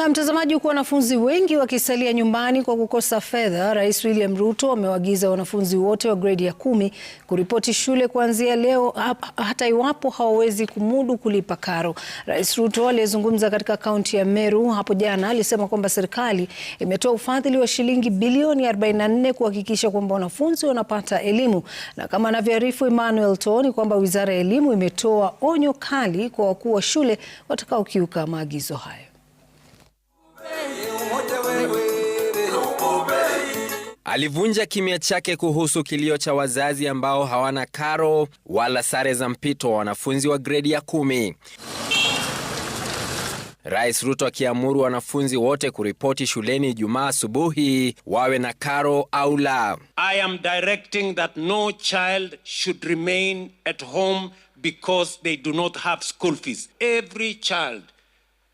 Na mtazamaji, huku wanafunzi wengi wakisalia nyumbani kwa kukosa fedha, Rais William Ruto amewaagiza wanafunzi wote wa gredi ya kumi kuripoti shule kuanzia leo hata iwapo hawawezi kumudu kulipa karo. Rais Ruto aliyezungumza katika kaunti ya Meru hapo jana alisema kwamba serikali imetoa ufadhili wa shilingi bilioni 44 kuhakikisha kwamba wanafunzi wanapata elimu, na kama anavyoarifu Emmanuel Toni kwamba wizara ya elimu imetoa onyo kali kwa wakuu wa shule watakaokiuka maagizo hayo. Alivunja kimya chake kuhusu kilio cha wazazi ambao hawana karo wala sare za mpito wa wanafunzi wa gredi ya kumi. Rais Ruto akiamuru wanafunzi wote kuripoti shuleni Ijumaa asubuhi wawe na karo au la. I am directing that no child should remain at home because they do not have school fees. Every child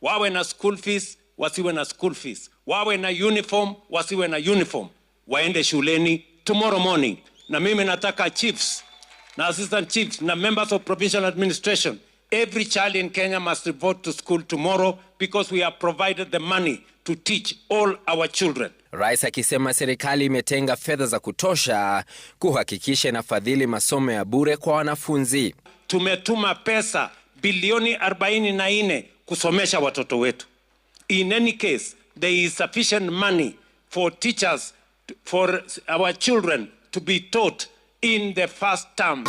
wawe na school fees, wasiwe na school fees, wawe na uniform, wasiwe na uniform waende shuleni tomorrow morning, na mimi nataka chiefs na assistant chiefs na members of provincial administration every child in Kenya must report to school tomorrow because we have provided the money to teach all our children. Rais akisema serikali imetenga fedha za kutosha kuhakikisha inafadhili masomo ya bure kwa wanafunzi. Tumetuma pesa bilioni 44 kusomesha watoto wetu. In any case, there is sufficient money for teachers for our children to be taught in the first term.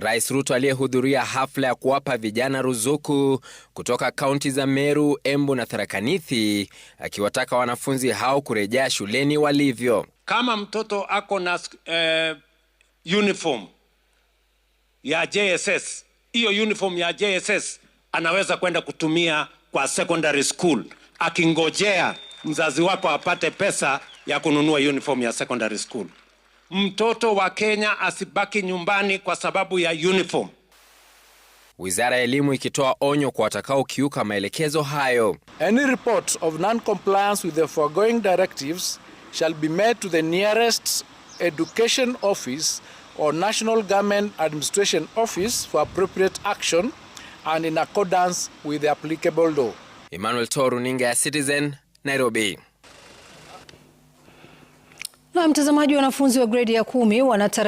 Rais Ruto aliyehudhuria hafla ya kuwapa vijana ruzuku kutoka kaunti za Meru, Embu na Tharaka Nithi akiwataka wanafunzi hao kurejea shuleni walivyo. Kama mtoto ako na uh, uniform ya JSS, hiyo uniform ya JSS anaweza kwenda kutumia kwa secondary school akingojea mzazi wako apate pesa ya kununua uniform ya secondary school. Mtoto wa Kenya asibaki nyumbani kwa sababu ya uniform. Wizara ya Elimu ikitoa onyo kwa watakaokiuka maelekezo hayo. Any report of non-compliance with the foregoing directives shall be made to the nearest education office or National Government Administration Office for appropriate action and in accordance with the applicable law. Emmanuel Toruninga ya Citizen Nairobi. Na mtazamaji, wanafunzi wa gredi ya kumi wanata